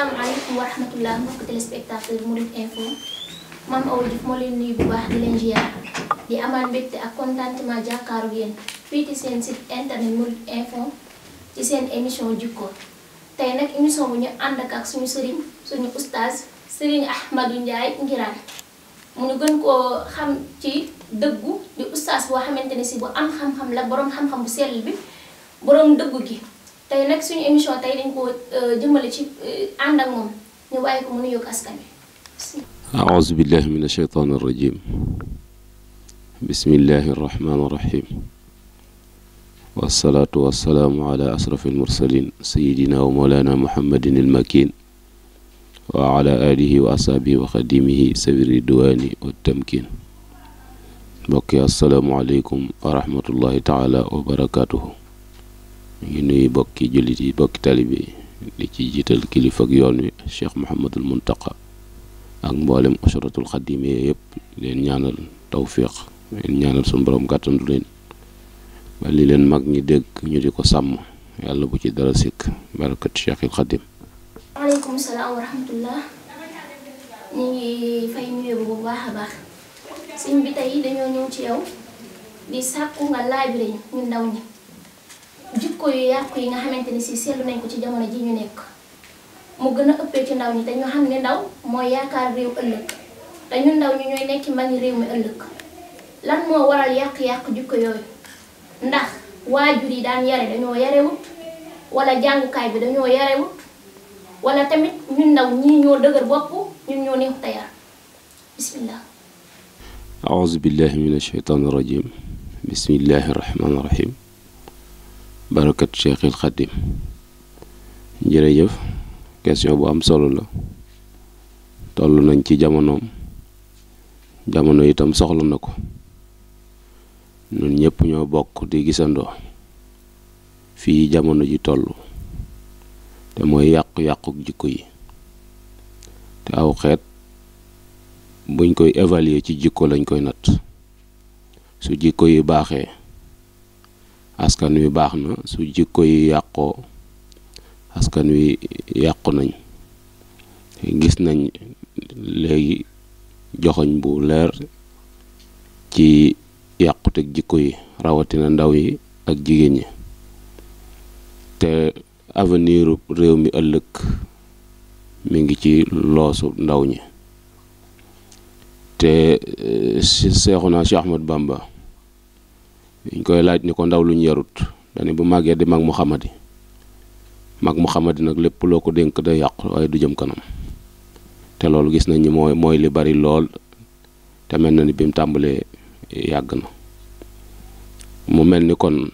asalaamaaleykum wa rahmatulah mbokk téléspectateur Mourides Info maam Awa Diouf moo leen nuyu bu baax di leen ziar di amaat mbégte ak contentement jàkkaaru yéen fii ci seen site internet Mourides Info ci sen émission jikko tey nag émission bu ñu ànd ak ak suñu sëriñ suñu ustaas sëriñ Ahmadou Ndiaye Nguirane mu ñu gën koo xam ci dëggu di ustaas boo xamante ne bu am xam-xam la boroom xam-xam bu sell bi boroom dëggu gi. tay nak suñu émission tay dañ ko jëmmalé euh, ci euh, ànd ak mom ñu bàyyi ko mu nuyoog askan bi a'udhu billahi minash shaitanir rajim بسم الله الرحمن الرحيم والصلاة والسلام على أشرف المرسلين سيدنا ومولانا محمد المكين وعلى آله وأصحابه وخديمه سبير الدواني والتمكين بقي السلام عليكم ورحمة الله تعالى وبركاته ñu ngi nuyu bokki jullit yi bokki taalibe yi li ci jiital kilifa ak yoon wi Cheikh Mouhamadul Muntaqa ak mboolem usratul xadime yëpp leen ñaanal tawfiq leen ñaanal suñu borom gàttandu ba li leen mag ñi dégg ñu di ko sàmm yàlla bu ci dara sikk barakat Cheikhil Xadim aleykum salaam wa ñu ngi fay nuyu bu baax a baax sëñ dañoo ñëw ci yow di sàkku nga laaj ñun ndaw ñi jikko yu yàqu yi nga xamante ni si seetlu nañ ko ci jamono ji ñu nekk mu gën a ëppee ci ndaw ñi te ñu xam ne ndaw mooy yaakaar réew ëllëg te ñun ndaw ñi ñooy nekk mag réew mi ëllëg lan moo waral yàq-yàq jikko yooyu ndax waajur yi daan yare dañoo yarewut wala jàngukaay bi dañoo yarewut wala tamit ñun ndaw ñii ñoo dëgër bopp ñun ñoo neexut a bismillah aouzu billahi min asheytaan irajim bismillahi irrahmaani irrahim barakat Cheikhil Khadim jërëjëf question bu am solo la toll nañ ci jamonoom jamono itam soxla na ko ñun ñëpp ñoo bokk di gisandoo fii jamono ji toll te mooy yàqu-yàquk jikko yi te aw xeet buñ koy évaluer ci jikko lañ koy natt su jikko yi baaxee askan wi baax na su jikko yi yàqoo askan wi yàqu nañ gis nañ léegi joxoñ bu leer ci yàquteg jikko yi rawatina ndaw yi ak jigéen ñi te avenir réew mi ëllëg mi ngi ci loosu ndaw ñi te euh, Seexuna Seex Ahmad Bamba dañ koy laaj ni ko ndaw lu yarut dani bu magge di mag muhammadi mag muhammadi nak lepp loko denk yak da yaq way du jëm kanam te loolu gis nañ ni moy moy li bari lool te mel na ni bim tambalé yag na mu melni ni kon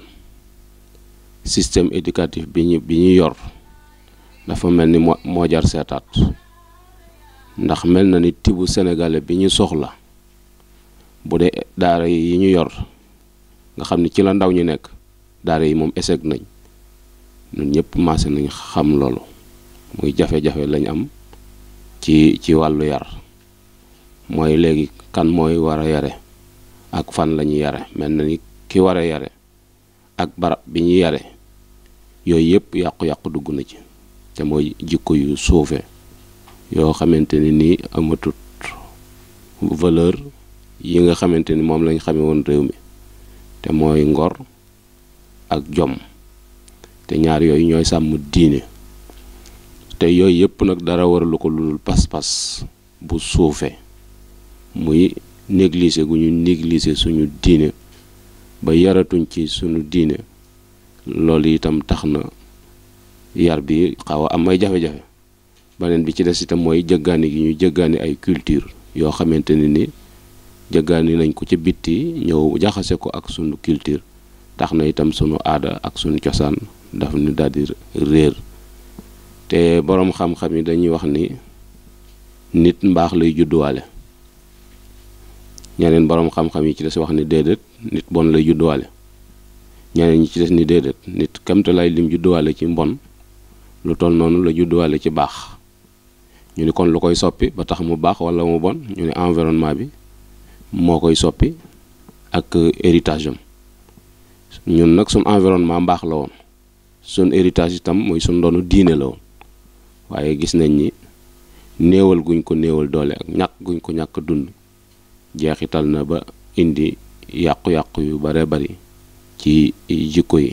système éducatif biñu biñu yor dafa melni ni jar ndax melna ni tibu sénégalais biñu soxla budé daara yi ñu yor nga xam ne ci la ndaw ñu nekk daara yi moom échec nañ ñun ñëpp maase nañ xam loolu muy jafe-jafe lañ am ci ci wàllu yar mooy léegi kan mooy war a yare ak fan la ñuy yare mel na ni ki war a yare ak barab bi ñuy yare yooyu yëpp yàqu-yàqu dugg na ci te mooy jikko yu suufe yoo xamante ni nii amatut valeur yi nga xamante ni moom lañ xame woon réew mi te mooy ngor ak jom te ñaar yooyu ñooy sàmm diine te yooyu yëpp nag dara waralu ko ludul pas-pas bu suufee muy négliger gu ñu négliger suñu diine ba yaratuñ ci suñu diine loolu itam tax na yar bi xaw a am ay jafe-jafe beneen bi ci des itam mooy jëggaani gi ñu jëggaani ay culture yoo xamante ne ni jëggaani nañ ko ci bitti ñëw jaxase ko ak sunu culture tax na itam sunu aada ak sunu cosaan daf ñu daal réer te boroom xam-xam yi dañuy wax ni nit mbaax lay judduwaale ñeneen boroom xam yi ci des wax ni déedéet nit bon lay judduwaale ñeneen ñi ci des ni déedéet nit kamte lay lim judduwaale ci mbon lu toll noonu la judduwaale ci baax ñu ni kon lu koy soppi ba tax mu baax walla mu bon ñu ni environnement bi moo koy soppi ak euh, héritage am ñun nag suñ environnement mbaax la woon suñ héritage itam mooy suñ doonu diine la woon waaye gis nañ ni néewal guñ ko néewal doole ak ñàkk guñ ko ñàkk dund jeexital na ba indi yàqu-yàqu yu bare bari ci jikko yi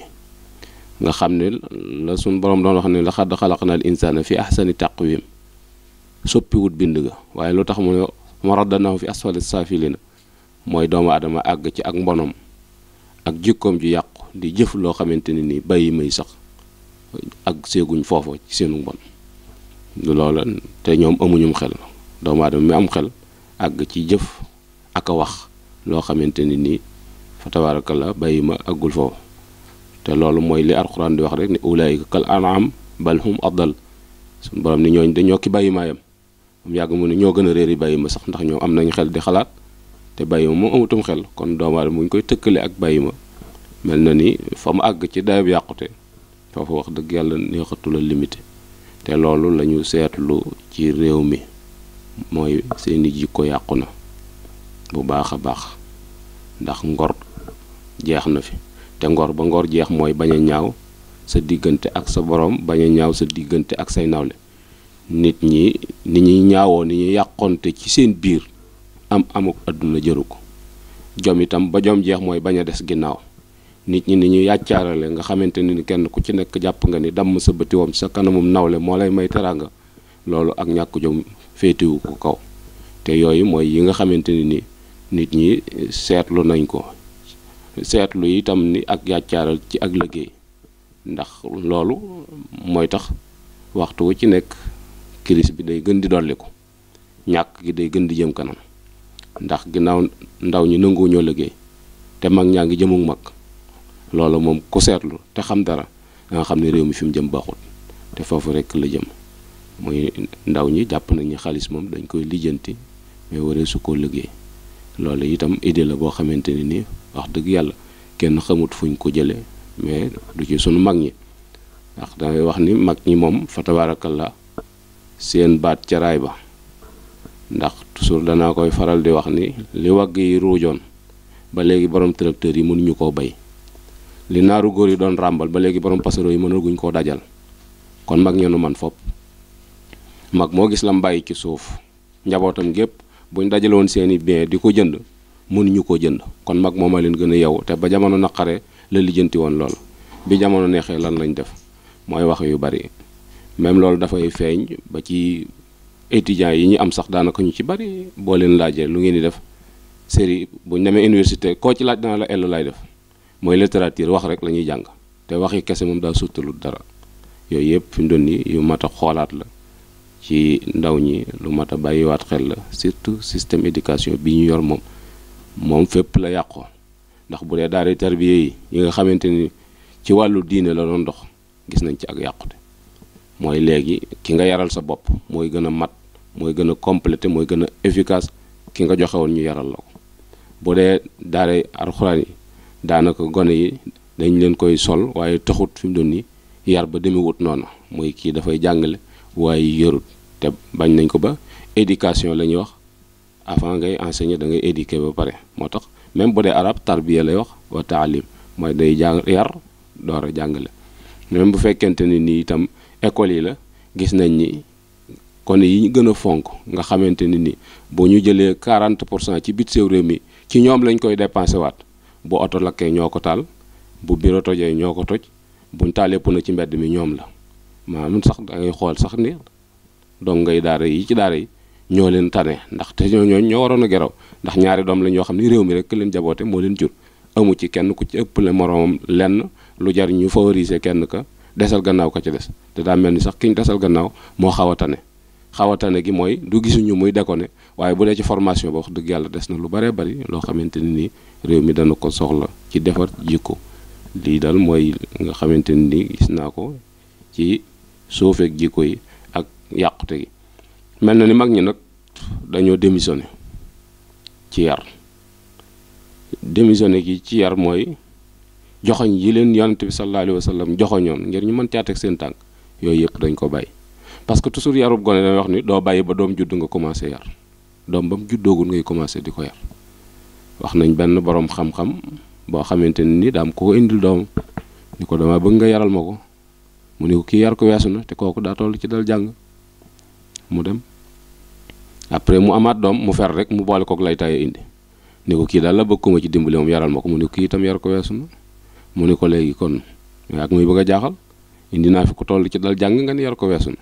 nga xam ne la suñ boroom doon wax ne laqad xalaqnal insaana fi ahsani taqwim soppiwut bind ga waaye lu tax mu ne ma raddanahu fi asfali saafilina mooy doomu aadama àgg ci ak mbonom ak jikkoom ju yàqu di jëf loo xamante ne ni bàyyi may sax ak séeguñ foofa ci seenu mbon loola te ñoom amuñum xel doomu aadama mi am xel àgg ci jëf ak a wax loo xamante ne nii fa tabaraka la bàyyi ma àggul foofu te loolu mooy li alxuraan di wax rek ne ulaayika kal anam bal hum adal suñu borom ni ñooñ dañoo ki bàyyi maayam mu yàgg mu ne ñoo gën a réer yi bàyyi ma sax ndax ñoom am nañ xel di xalaat te bàyyima moom amatum xel kon doomu aadama koy tëkkale ak ma mel na ni fa mu àgg ci dayab yàqute foofu wax dëgg yàlla neexatu la te loolu lañu ñu seetlu ci réew mi mooy seeni jikko yàqu na bu baax a baax ndax ngor jeex na fi te ngor ba ngor jeex mooy bañ a ñaaw sa diggante ak sa borom bañ a ñaaw sa diggante ak say nawle nit ñi ni ñuy ñaawoo ni ñuy yàqoonte ci seen biir am amuk àdduna jëru ko jom itam ba jom jeex mooy bañ a des ginnaaw nit ñi ni ñu yàccaarale nga xamante ni kenn ku ci nekk jàpp nga ni damm sa bëtiwam sa kanamum nawle moo lay may teraanga loolu ak ñàkk jom féetiwu ko kaw te yooyu mooy yi nga xamante ni ni nit ñi seetlu nañ ko seetlu itam ni ak yàccaaral ci ak liggéey ndax loolu mooy tax waxtu wu ci nekk crise bi day gën di dolli ko ñàkk gi day gën di jëm kanam ndax ginnaaw ndaw ñi nanguwu ñoo liggéey te mag ñaa ngi jëmu mag loolu moom ku seetlu te xam dara da xam ne réew mi fi mu jëm baaxul te foofu rekk la jëm muy ndaw ñi jàpp nañ ni xaalis moom dañ koy lijjanti mais waree su ko liggéey loolu itam idée la boo xamante ne nii wax dëgg yàlla kenn xamut fuñ ko jëlee mais du ci sunu mag ñi ndax damay wax ni mag ñi moom fa la seen baat ca raay ba ndax toujours dana koy faral di wax ni li wagg yi rojon ba legi borom tracteur yi mënuñu ko bay li naru góor yi don rambal ba legi borom passero yi ko dajal kon mag ñu man fop mag mo gis lam bàyyi ci suuf njabotam gep buñ won seeni bien di ko jënd mënuñu ko jënd kon mag moma leen gëna yaw te ba jamono naqare la lijeenti won lool bi jamono nexé lan lañ def moy wax yu bari même da fay feñ ba ci étudiants yi ñi am sax daanaka ñu ci bari bo leen laajee lu ngeen di def série bu ñu demee université ko ci laaj dana la ellu lay def moy littérature wax rek la jang té te wax yi kese moom da suttalu dara yoy yëpp fi ndon ni yu mata xolaat la ci ndaw ñi lu mata bayyi waat xel la surtout système éducation bi ñu yor mom mom fépp la yaqko ndax bu dé daari tarbiyé yi yi nga xamanteni ci walu diiné la doon dox gis nañ ci ak yaqku moy léegi ki nga yaral sa bop moy gëna mat mooy gën a complété mooy gën a efficace ki nga joxe woon ñu yaral la ko bu dee daara alxuraan yi daanaka gone yi dañ leen koy sol waaye taxut fi mu doon nii yar ba demewut noonu mooy kii dafay jàngale waaye yarut te bañ nañ ko ba éducation la ñuy wax avant ngay enseigner da ngay éduquer ba pare moo tax même bu dee arab tarbiya lay wax wa taalim mooy day jàng yar door a jàngale même bu fekkente ni nii itam école yi la gis nañ ni kon yi ñu gën a fonk nga xamante ni ni boo ñu jëlee 40 pour cent ci bit séew réew mi ci ñoom lañ koy dépensé waat bu oto lakkee ñoo ko taal bu bureau tojee ñoo ko toj buñ taalee na ci mbedd mi ñoom la maa maanaam sax da ngay xool sax ni donc ngay daara yi ci daara yi ñoo leen tane ndax te ñoo ñoo waroon a geraw ndax ñaari doom lañ yoo xam ni réew mi rek leen jaboote moo leen jur amu ci kenn ku ci ëppale moroom lenn lu jar ñu favoriser kenn ka desal gannaaw ka ci des te daa mel ni sax ki ñu gannaaw moo xaw a tane xaw gi mooy du gisuñu muy déconné waaye bu dee ci formation ba wax dëgg yàlla des na lu baree bari loo xamante ne ni réew mi dana ko soxla ci defar jikko lii dal mooy nga xamante ne ni gis naa ko ci suufeeg jikko yi ak yàqute gi mel na ni mag ñi nag dañoo démissionné ci yar démissionné gi ci yar mooy joxoñ yi leen yonent bi sallallahu alayhi wa sallam joxoñoon ngir ñu mën caa teg seen tànk yooyu yëpp dañ ko bàyyi parce que toujours yarub goné damay wax ni do bàyyi ba dom judd nga commencé yar dom bam mu ngay commencé di ko yar wax nañ ben borom xam-xam bo xamanteni ni dam ko indil dom niko dama bëgg nga yaral mako mu ni ko ki yar ko weesu na te koku da tollu ci dal jang mu dem après mu amat dom mu fer rek mu ko ak lay taye ya indi ni ko kii la bëgg ko ma ci dimbali mom yaral mako mu ni ko itam yar ko weesu na mu ni ko kon ak muy bëgg jahal, jaaxal indi na fi ko tollu ci dal jang nga ni yar ko weesu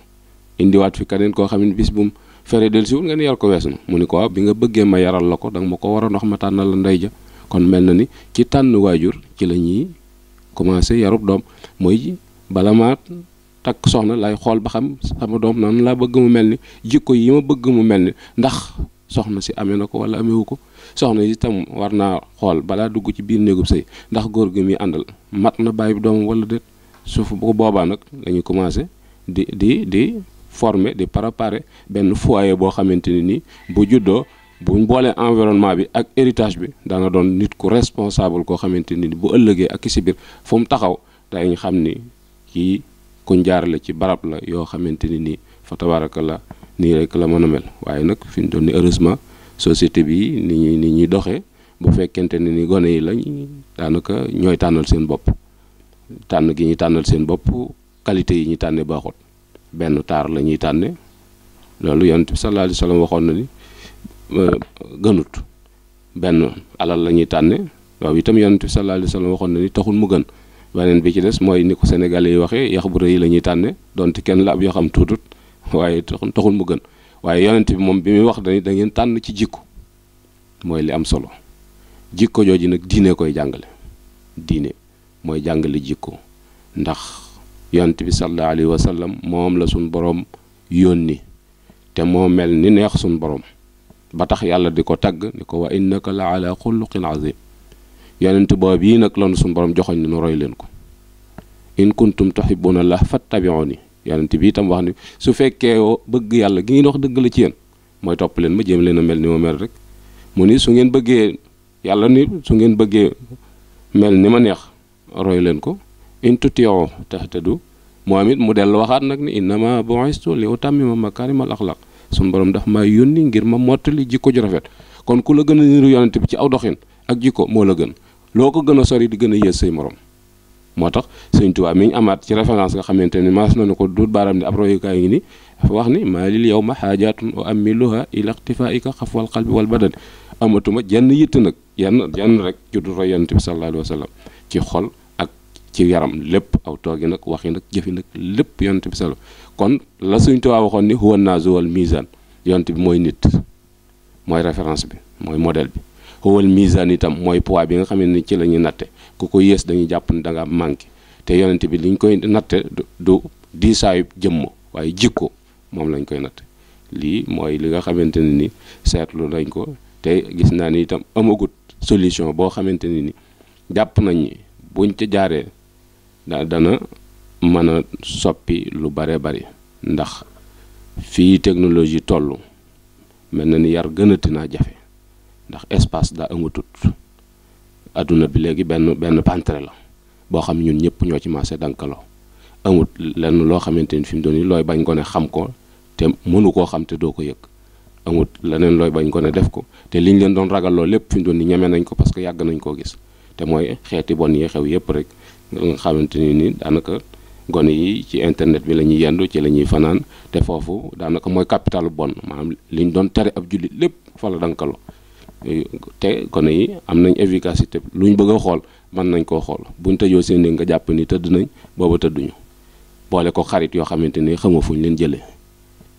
indiwaat fi keneen koo xam bis bu mu feree dellusiwul ngeen yar ko weesu na mu ni ko waaw bi nga bëggee ma yaral la ko danga ma ko war a ndox ma tànnal la nday ja kon mel na ni ci tànn waajur ci la ñuy commencé yarub doom mooy bala ma takk soxna lay xool ba xam sama doom noonu laa bëgg mu mel ni jikko yi ma bëgg mu mel ni ndax soxna si amee na ko wala ameewu ko soxna yi itam war naa xool balaa dugg ci biir néegub sëy ndax góor gi muy àndal mat na bàyyi doomam wala déet suuf bu boobaa nag la ñuy commencé di di di former di préparer benn foyer boo xamante ne ni bu juddoo buñ boolee environnement bi ak héritage bi dana doon nit ku responsable koo xamante nii bu ëllëgee ak si biir fu mu taxaw dañ xam ni kii jaar jaarale ci barab la yoo xamante ni nii fa tabaraka la nii rek la mën a mel waaye nag fi ñu doon ni heureusement société bi ni ñuy ni ñuy doxee bu fekkente ne ni gone yi lañ daanaka ñooy tànnal seen bopp tànn gi ñu tànnal seen bopp qualité yi ñu tànnee baaxut benn taar la ñuy tànne loolu yonent bi sallallahu alayhi wa waxoon na ni gënut benn alal la ñuy tànne waaw itam yonent bi sallallahu alayhi wa waxoon na ni taxul mu gën beneen bi ci des mooy ni ko sénégalais waxee yax bu rëy la ñuy tànne donte kenn la yoo xam tuutut waaye taxul mu gën waaye yonent bi moom bi muy wax dañuy da ngeen tànn ci jikko mooy li am solo jikko jooju nag diine koy jàngale diine mooy jàngale jikko ndax yont bi sallallahu alayhi wa sallam mom la suñ borom yoni te mo mel ni neex suñ borom ba tax yàlla diko tag niko wa innaka la ala khuluqin azim yonent boobu yi nag lanu suñ borom joxoñ ni roy len ko in kuntum tuhibbuna la fattabi'uni yonent bi tam wax ni su fekke yo beug yàlla gi ngi wax deug la ci yéen moy top len ma jëm len a mel ni mo mel rek muni su ngeen beugé yàlla ni su ngeen beugé mel ni ma neex roy len ko in tuti'u tahtadu moom it mu dellu waxaat nag ni innama bu'istu li utammima makarimal axlaq suñu borom daf maa yónni ngir ma mottali jikko ju rafet kon ku la gën a niru yonent bi ci aw doxin ak jikko moo la gën loo ko gën a sori di gën a yées say morom moo tax sëñ Tuubaa mi ñu amaat ci référence nga xamante ni maas nañu ko duut baaram ni ab royukaay ngi ni dafa wax ni maa lil yow ma xaajaatun o amiluha ila ixtifaika xafwal xalbi wal badani amatuma jenn yitt nag yenn jenn rek ci du bi sallallahu alayhi wa sallam ci xol ci yaram lépp aw toogi nag waxi nag jëfi nag lépp yonent bi salo kon la suñ tubaab waxoon ni huwa naazuwal misaan yonent bi mooy nit mooy référence bi mooy modèle bi huwal misaan itam mooy poids bi nga xam ni ci la ñuy natte ku ko yées dañuy jàpp ne da nga manqué te yonent bi liñ koy natte du diisaayu jëmm waaye jikko moom lañ koy natte lii mooy li nga xamante ne ni seetlu lañ ko te gis naa ni itam amagut solution boo xamante ne ni jàpp nañ ni buñ ca jaaree da dana mën a soppi lu bare bari ndax fii technologie toll mel na ni yar gënati naa jafe ndax espace daa amatut adduna bi léegi benn benn pantre la boo xam ñun ñëpp ñoo ci marché dankaloo amut lenn loo xamante ni fi mu doon nii looy bañ ko ne xam ko te mënu koo xam te doo ko yëg amut leneen looy bañ ko ne def ko te liñ leen doon ragaloo lépp fi mu doon nii ñeme nañ ko parce que yàgg nañ koo gis te mooy xeeti bon yi xew yëpp rek nga xamante ni ni daanaka gone yi ci internet bi la ñuy yendu ci la ñuy fanaan te foofu daanaka mooy capital bon maanaam li ñu doon tere ab jullit lépp fa la dankaloo te gone yi am nañ efficacité lu ñu bëgg a xool mën nañ koo xool buñ tëjoo seen nga jàpp ni tëdd nañ booba tëdduñu boole ko xarit yoo xamante ni xamoo fuñ leen jëlee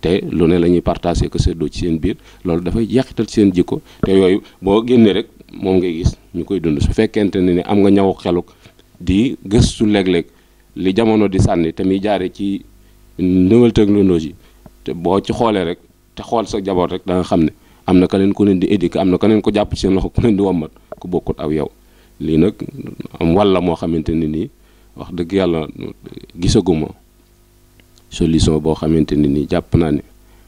te lu ne la ñuy partagé ko seddoo ci seen biir loolu dafay yàqital seen jikko te yooyu boo génnee rek moom ngay gis ñu koy dund su fekkente ne ni am nga ñaw xeluk di gëstu léeg-léeg li jamono di sànni te jaare ci nouvelle technologie te boo ci xoolee rek te xool sa jaboot rek da xam ne am na keneen ku leen di éduquer am na keneen ko jàpp seen loxo ku leen di wommat ku bokkut aw yow lii nag am walla moo xamante ne nii wax dëgg yàlla gisaguma solution boo xamante ne nii jàpp naa ne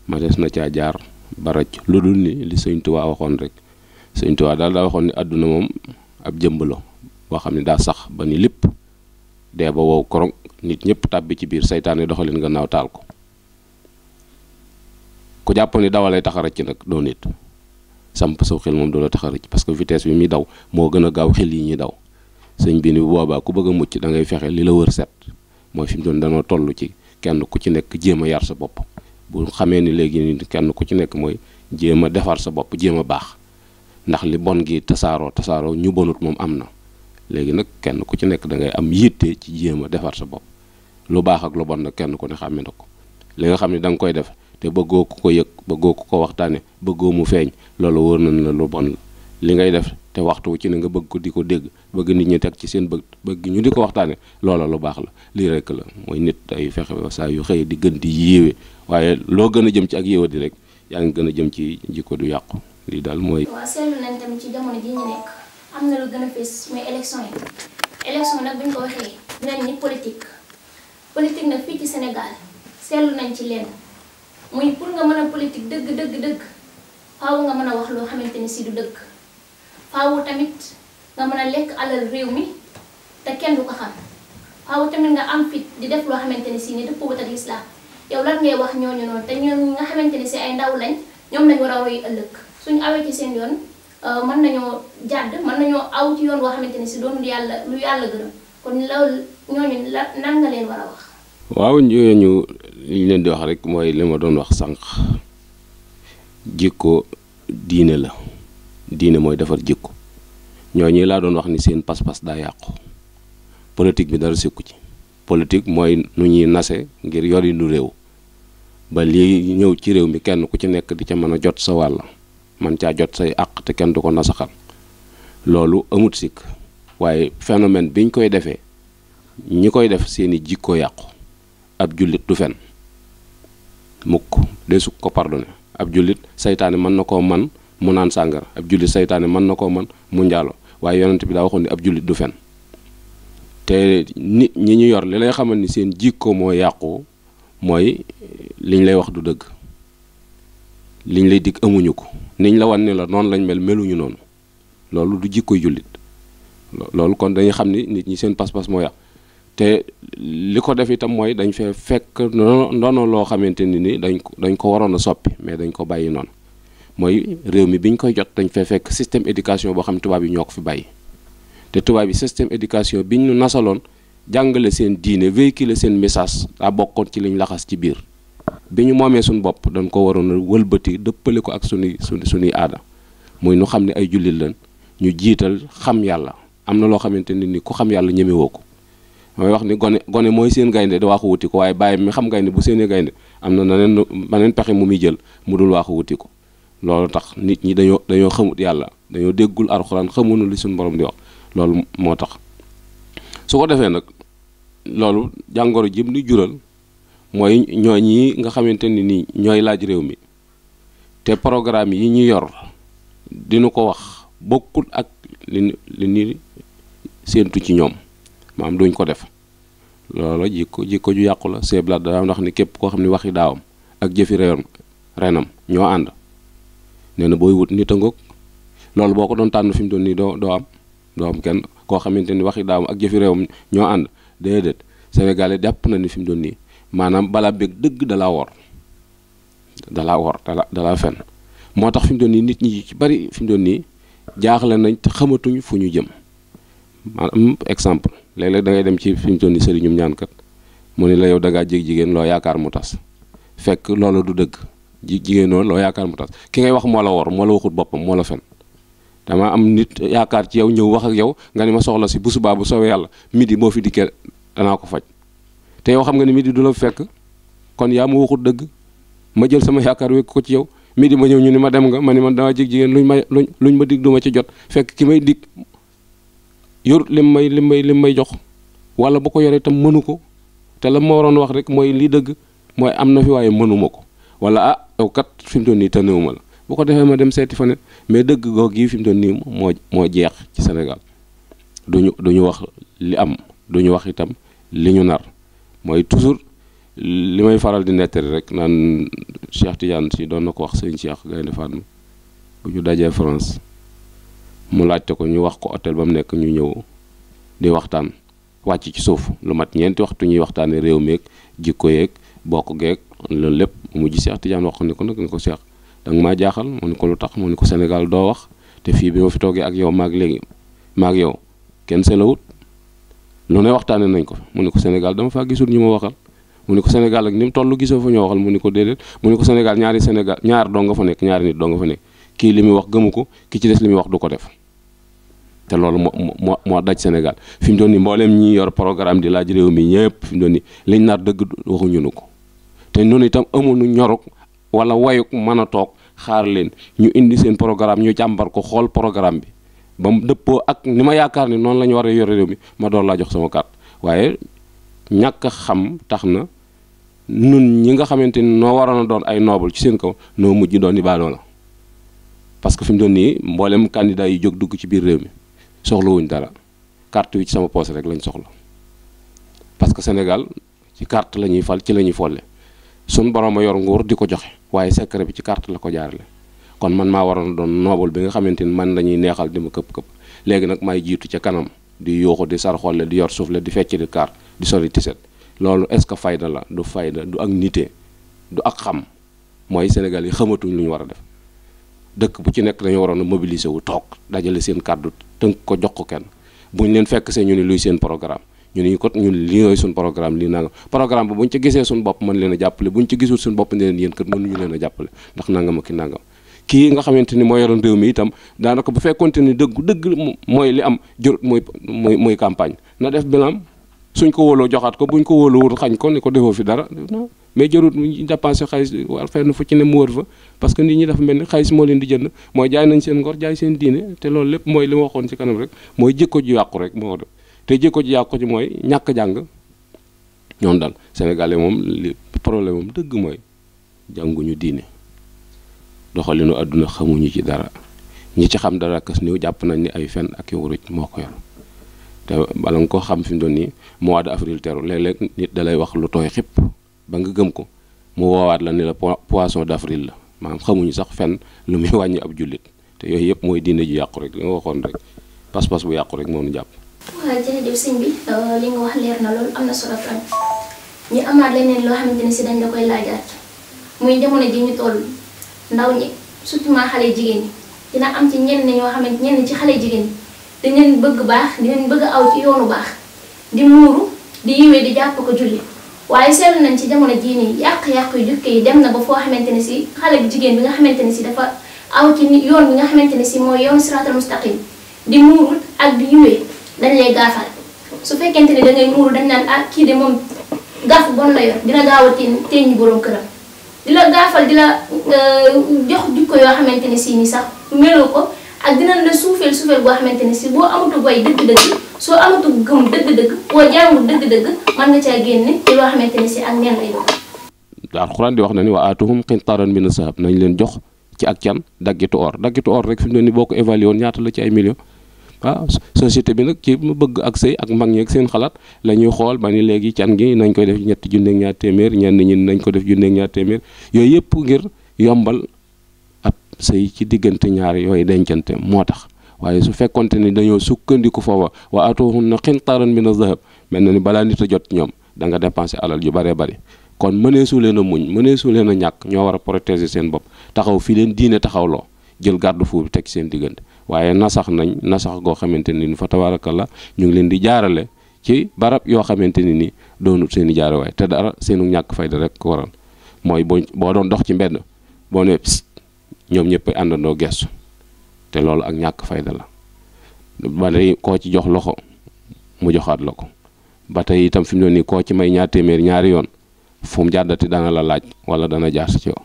ma des na caa jaar baraj lu dul ni li sëñ Tuubaa waxoon rek sëñ Tuubaa daal daa waxoon ni àdduna moom ab jëmb la bo xamni da sax ba ni lepp de ba wo korong nit ñepp tabbi ci biir ni doxalin naw tal ko ku jappone dawalay taxara ci nak do nit samp so xel mom do la taxara ci parce que vitesse bi mi daw mo gëna gaaw xel yi ñi daw señ bi ni boba ku bëgg mucc da ngay fexé li la wër set mo fim doon da no tollu ci kenn ku ci nek jema yar sa bop bu xamé ni légui ni kenn ku ci nek moy jema sa bop jema bax ndax li bon gi tasaro tasaro ñu bonut mom amna léegi nag kenn ku ci nekk da ngay am yitte ci jéem a defar sa bopp lu baax ak lu bon nag kenn ku ne xàmme na ko li nga xam ne da nga koy def te bëggoo ku ko yëg bëggoo ku ko waxtaane bëggoo mu feeñ loolu wóor nañ la lu bon la li ngay def te waxtu ci ne nga bëgg ko di ko dégg bëgg nit ñi teg ci seen bëgg bëgg ñu di ko waxtaane loola lu baax la lii rek la mooy nit ay fexe saa yu xëyee di gën di yéewe waaye loo gën a jëm ci ak yéewa di rek yaa ngi gën a jëm ci jikko du yàqu lii daal mooy. amna lu gëna fess moy élection yi élection nak buñ ko waxé dinañ ni politique politique nak fi ci Sénégal sélu nañ ci lén muy pour nga mëna politique dëgg dëgg dëgg faaw nga mëna wax lo xamanteni ci du dëgg faaw tamit nga mëna a alal réew mi té kenn du ko xam faaw tamit nga am fit di def xamanteni ci ni du ni dëppoo ak lislaam yow lan ngay wax ñooñu non té ñoom nga xamanteni ci ay ndaw lañ ñom lañ wara ëlëk suñu awé ci seen yoon Euh, mën nañoo jàdd mën nañoo aw ci yoon boo si doonul yàlla lu yàlla gërëm kon loolu ñooñu la nan nga leen war a wax. waaw ñooñu li ñu leen di wax rek mooy li ma doon wax sànq jikko diine la diine mooy defar jikko ñoo ñooñu laa doon wax ni seen pas-pas daa yàqu politique bi dara sekku ci politique mooy nu ñuy nase ngir yorinu réew ba lii ñëw ci réew mi kenn ku ci nekk di ca mën a jot sa wàll. man caa jot say àq te kenn du ko nasaxal loolu amut sikk waaye phénomène biñ koy defee ñi koy def seeni jikko yàqu ab jullit du fen mukk deesu ko pardone ab jullit seytaane mën na koo man mu naan sàngara ab jullit saytaane mën na koo man mu njaalo waaye yonent bi daa waxoon ne ab jullit du fen te nit ñi ñu yor li lay xamal ni seen jikko moo yàqu mooy liñ lay wax du dëgg liñ lay dig amuñu ko niñ la wan ne la noonu lañ mel meluñu noonu loolu du jikko jullit loolu kon dañuy xam ni nit ñi seen pas-pas moo yàq te li ko def itam mooy dañ fee fekk ndono loo xamante ni ni dañ ko dañ ko waroon a soppi mais dañ ko bàyyi noonu mooy réew mi biñ ñu koy jot dañ fee fekk système éducation boo xam tubaab yi ñoo ko fi bàyyi te tubaab yi système éducation biñ ñu nasaloon jàngale seen diine véhiculer seen message daa bokkoon ci liñ laxas ci biir bi ñu moomee suñu bopp dañ ko waroon a wëlbati dëppale ko ak suñuy suñu suñuy aada muy nu xam ne ay jullit lañ ñu jiital xam yàlla am na loo xamante nit ni ku xam yàlla ñemewoo ko mooy wax ni gone gone mooy seen gaynde da wuti ko waaye bàyyi mi xam gaynde bu seenee gaynde am na naneen maneen pexe mu muy jël mu dul wuti ko loolu tax nit ñi dañoo dañoo xamut yàlla dañoo déggul alxuraan nu li suñu borom di wax loolu moo tax su ko defee nag loolu jàngoro jëm ni jural mooy ñoo ñi nga xamante ni nii ñooy laaj réew mi te programme yi ñu yor dina ko wax bokkul ak li nii ni séentu ci ñoom maam duñ ko def loolu jikko jikko ju yàqu la seeblaat daa ndax ni képp koo xam ne waxi daawam ak jëfi réewam renam ñoo ànd nee na booy wut nit a loolu boo ko doon tànn fi mu doon nii doo doo am doo kenn koo xamante ni waxi daawam ak jëfi réewam ñoo ànd déedéet Sénégalais jàpp na ni fi mu doon nii manam balaa deug da la wor la wor da la fen motax fim doon nit ñi ci bari fim doni. doon nii jaaxle nañ te xamatuñ fu ñu jëm manam exemple léeg-léeg da ngay dem ci fi mu doon nii sëriñum ñaankat mu ne la yow da ngaa jég jigéen loo yaakaar mu tass fekk lolu du deug ji jigéen noonu lo mu tass ki ngay wax mo la wor mo la waxut bopam mo la fen dama am nit yaakar ci yow ñew wax ak yow nga ni ma soxla si busu babu bu yalla midi mo fi dikkee dana ko fajj te yow xam nga ni di du la fekk kon yaa ma waxut dëgg ma jël sama yaakaar wékk ko ci yow di ma ñëw ñu ni ma dem nga ma ni man dama jig jigéen luñ ma luñ ma dig ma ci jot fekk ki may dig yorut lim may li may lim may jox wala bu ko yoree itam mënu ko te la ma waroon wax rek mooy lii dëgg mooy am na fi waaye mënuma ko wala ah yow kat fi mu toll nii tënewuma la boo ko defee ma dem seeti fa ne mais dëgg googu yi fi mu toll nii moo moo jeex ci senegal duñu duñu wax li am duñu wax itam li ñu nar mooy toujours li may faral di nettari rek naan Cheikh Tidiane si doon na ko wax sëñ Cheikh Gaynde Fatma bu ñu dajee France mu laajte ko ñu wax ko hôtel ba mu nekk ñu ñëw di waxtaan wàcc ci suuf lu mat ñeenti waxtu ñuy waxtaanee réew meeg jikko yeeg bokk geeg loolu lépp mu ji Cheikh Tidiane wax ne ko nag ne ko Cheikh danga maa jaaxal mu ne ko lu tax mu ne ko Sénégal doo wax te fii bi ma fi toogee ak yow maag léegi maag yow kenn selawut loolu ne waxtaane nañ ko mu ne ko Sénégal dama faa gisul ñu ma waxal mu ne ko Sénégal ak ni mu toll gisoo fa ñoo waxal mu ne ko déedéet mu ne ko Sénégal ñaari Sénégal ñaar doo nga fa nekk ñaari nit doo nga fa nekk kii li muy wax gëmu ko ki ci des li muy wax du ko def te loolu moo moo moo daj Sénégal fi mu doon ni mbooleem ñi yor programme di laaj réew mi ñëpp fi mu doon ni liñ naar dëgg waxuñu nu ko te noonu itam amuñu ñoruk wala wayuk mën a toog xaar leen ñu indi seen programme ñu jàmbar ko xool programme bi ba mu dëppoo ak ni ma yaakaar ne noonu la ñu war a yore réew mi ma doon laa jox sama carte waaye ñàkk xam tax na nun ñi nga xamante ni noo waroon a doon ay noble ci seen kaw noo mujj doon ni baadoo la parce que fi mu doon nii mboolem candidat yi jóg dugg ci biir réew mi soxlawuñ dara carte wi ci sama poche rek lañ soxla parce que Sénégal ci carte la ñuy fal ci la ñuy folle suñ borom a yor nguur di ko joxe waaye secret bi ci carte la ko jaarale kon man maa waroon doon noobul bi nga xamante ni man lañuy neexal di ma këpp-këpp léegi nag may jiitu ca kanam di yuuxu di sarxolle di yor suuf la di fecc di kaar di soli tiset loolu est-ce que fayda la du fayda du ak nite du ak xam mooy Sénégal yi xamatuñ lu ñu war a def dëkk bu ci nekk dañoo waroon a mobiliser wu toog dajale seen kàddu tënk ko jox ko kenn buñ leen fekk see ñu ni luy seen programme ñu ni ko ñun li yooyu suñ programme lii nangam programme bi buñ ci gisee suñ bopp mën leen a jàppale leen a jàppale ndax nangam ki nangam kii nga xamante ni mooy yoroon réew mi itam daanaka bu fekkonte ni dëgg dëgg mooy li am jur mooy mooy mooy campagne na def bilan suñ ko wóoloo joxaat ko buñ ko wóoluwul xañ ko ni ko defoo fi dara mais jërut mu dépensé xaalis war fenn fu ci ne mu wër fa que nit ñi dafa mel ni xaalis moo leen di jënd mooy jaay nañ seen jaay seen diine te loolu lépp mooy li waxoon ci kanam rek mooy jikko ji yàqu rek moo do te jikko ju yàqu ci mooy ñàkk jàng ñoom daal sénégalais moom li problème moom dëgg mooy jànguñu diine doxalinu àdduna xamuñu ci dara ñi ci xam dara kess niu japp nañ ni ay fen ak yow rut moo ko yor da balang ko xam fi mu mois de avril teru léeg-léeg nit dalay wax lu toy xep ba nga gem ko mu wowat la ni la poisson d'avril la maanaam xamuñu sax fenn lu mi wañi ab julit te yoy yep moy diine ji yaq rek nga waxon rek pass pass bu yaq rek moom jàpp. waaw jërëjëf sëñ bi euh, li nga wax leer na lol amna solo tam ñi amaat leneen lo xamanteni ci dañ la koy laajaat muy jamono ji ñu toll ndaw ñi surtout ma xalé jigen ñi dina am ci ñen ñoo xamant ñen ci xalé jigen ñi dañ leen bëgg baax di leen bëgg aw ci yoonu baax di muuru di yiwee di japp ko julli waye sel nañ ci jamono ji ni yaq yaq yu jukke yi dem na ba fo xamanteni ci xalé bi jigen bi nga xamanteni ci dafa aw ci yoon bi nga xamanteni ci moy yoon siratal mustaqim di muurul ak di yiwee dañ lay gafal su fekkenteni da ngay muuru dañ nan ak ah, ki de mom gaf bon la yor dina gaaw a teen borom kërëm dila gafal dila di eh, jox jukko yo xamanteni si ni sax meloo ko ak dina la soufel soufel bo xamanteni si bo amatu boy deug deug so amatu gëm deug deug bo jamu deug deug man nga ca génne ci lo xamanteni si ak ñen lay alquran di wax na ni wa atuhum qintaran min sahab nañ leen jox ci ak can daggitu or dagitu or rek fimu ni boko evaluer ñaata la ci ay millions ah société bi nag ci bëgg ak sëy ak mag ñeeg seen xalaat la ñuy xool ba ni léegi can gi nañ koy def ñetti junne ak ñaar téeméer ñenn ñi nañ ko def junne ak ñaar téeméer yooyu yëpp ngir yombal ab sëy ci diggante ñaar yooyu dencante moo tax waaye su fekkonte ni dañoo sukkandiku foofa wa atuhunna qintaran min az-zahab mel na ni balaa nit a jot ñoom danga nga dépensé alal yu bëree bëri kon mëneesu leen a muñ mëneesu leen a ñàkk ñoo war a protéger seen bopp taxaw fi leen diine taxaw loo jël garde-fou teg seen diggante waaye nasax nañ nasax goo xamante ne ni fa la ñu ngi leen di jaarale ci barab yoo xamante ne ni doonut seen jaarewaay te dara seenu ñàkk fayda rek ko waral mooy boo boo doon dox ci mbedd boo nee ñoom ñëpp àndandoo gestu te loolu ak ñàkk fayda la ba tey koo ci jox loxo mu joxaat la ko ba tey itam fi mu ne nii koo ci may ñaar téeméer ñaari yoon fu mu jàddati dana la laaj wala dana jaar si ci yow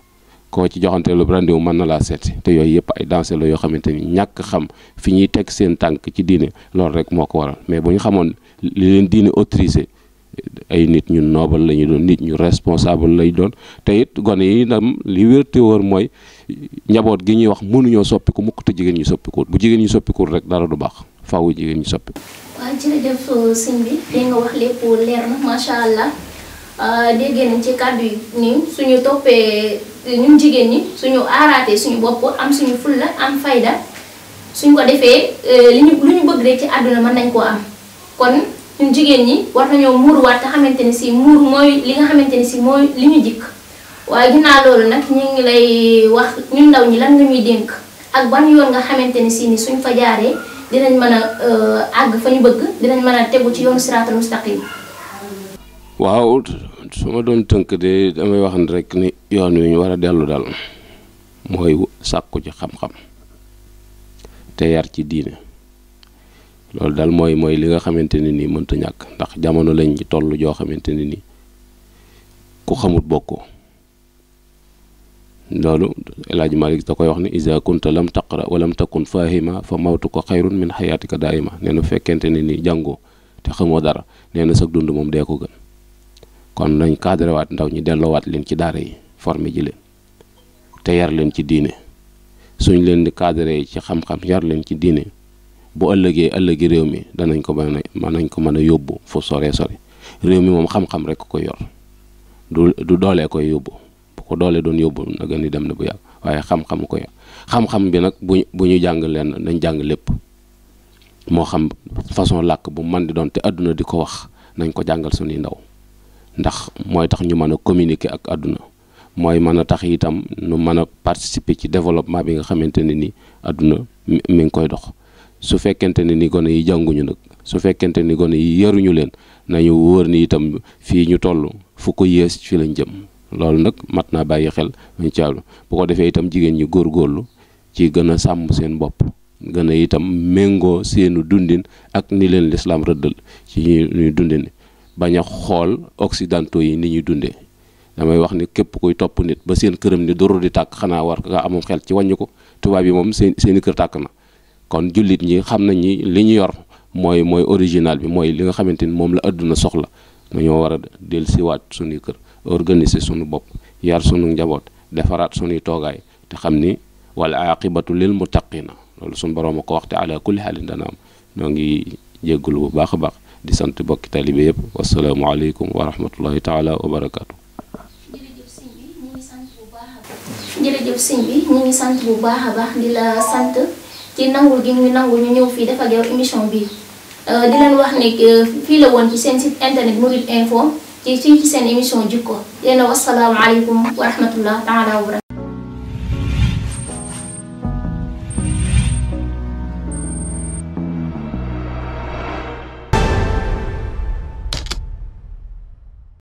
koo ci joxanteelu rendez-vous mën na laa seeti te yooyu yëpp ay danger yoo xamante ni ñàkk xam fi ñuy teg seen tànk ci diine loolu rek moo ko waral mais bu ñu xamoon li leen diine autorisé ay nit ñu noobal la ñu doon nit ñu responsable lay doon te gone yi itam li wér te mooy njaboot gi ñuy wax mënuñoo soppiku mukk te jigéen ñu soppikuwul bu jigéen ñu soppikuwul rek dara du baax faaw jigéen ñi soppiku. waaw jërëjëf sëñ bi nga wax lépp leer Euh, dégg nañ ci kàddu yi nii suñu toppee ñun jigéen ñi suñu aaraatee suñu bopp am suñu fulla am fayda suñ ko defee euh, li ñu lu ñu bëgg rek ci àdduna mën nañ koo am kon ñun jigéen ñi war nañoo muuruwaat te xamante ni si muur mooy li nga xamante ni si mooy li ñu jikk waaye ginnaaw loolu nag ñu ngi lay wax ñu ndaw ñi lan nga ñuy dénk ak ban yoon nga xamante ni si ni suñ fa jaaree dinañ mën a euh, àgg fa ñu bëgg dinañ mën a tegu ci yoon siraatal mustaqim waaw su ma doon tënk de damay wax ni rekk ni yoon wi ñu war a dellu daal mooy sàkku ci xam-xam te yar ci diine loolu daal mooy mooy li nga xamante ni nii mënta ñàkk ndax jamono lañ toll joo xamante ne nii ku xamut bokkoo loolu El Hadj Malick da koy wax ni isa kunta lam taqra walam takun fahima fa mawtu ko xayrun min xayaatika daaima nee na fekkente ni nii jàngoo te xamoo dara nee na sag dund moom dee ko gën kon nañ cadré ndaw ñi delloowaat leen ci daara yi formé ji leen te yar leen ci diine suñ leen di cadré ci xam-xam yar leen ci diine bu ëllëgee ëllëgi réew mi danañ ko mën a mën nañ ko mën a yóbbu fu sore sore réew mi moom xam-xam rek ko yor du du doolee koy yóbbu bu ko doolee doon yóbbu nag ni dem na bu yàgg waaye xam-xam ko yor xam-xam bi nag bu bu ñu jàng leen nañ jàng lépp moo xam façon làkk bu man di doon te àdduna di ko wax nañ ko jàngal suñuy ndaw ndax mooy tax ñu mën a communiquer ak àdduna mooy mën a tax itam nu mën a participer ci développement bi nga xamante ne ni àdduna mi ngi koy dox su fekkente ne ni gone yi jànguñu nag su fekkente ni gone yi yaruñu leen nañu wóor ni itam fii ñu toll fu ko yées fi lañ jëm loolu nag mat naa bàyyi xel incha allah bu ko defee itam jigéen ñi góorlu ci gën a sàmm seen bopp gën a itam méngoo seenu dundin ak ni leen lislaam rëddal ci ñuy dundin bañ a xool occidentaux yi ni ñuy dundee damay wax ni képp kuy topp nit ba seen këram ni doro di tàkk xanaa war nga amum xel ci wàññi ko tubaab yi moom seen seen kër tàkk na kon jullit ñi xam nañ ni li ñu yor mooy mooy original bi mooy li nga xamante ni moom la àdduna soxla dañoo war a dellusiwaat suñuy kër organiser suñu bopp yar sunu njaboot defaraat suñuy toogaay te xam ni wal aqibatu lil muttaqina loolu suñu borom a ko waxte ala kulli xaalin dana ñoo ngi jéggul bu baax a baax di sant bokki taalibe yëpp wasalaamualeykum wa rahmatullahi taala wa barakaatu. bu baax a baax di la sant ci nangul gi ñu nangul ñu ñëw fii def ak yow bi euh, di leen wax ne euh, fii la woon ci seen site internet Mourides Info ci fii ci seen émission jikko yéen a wasalaamualeykum wa rahmatullah taala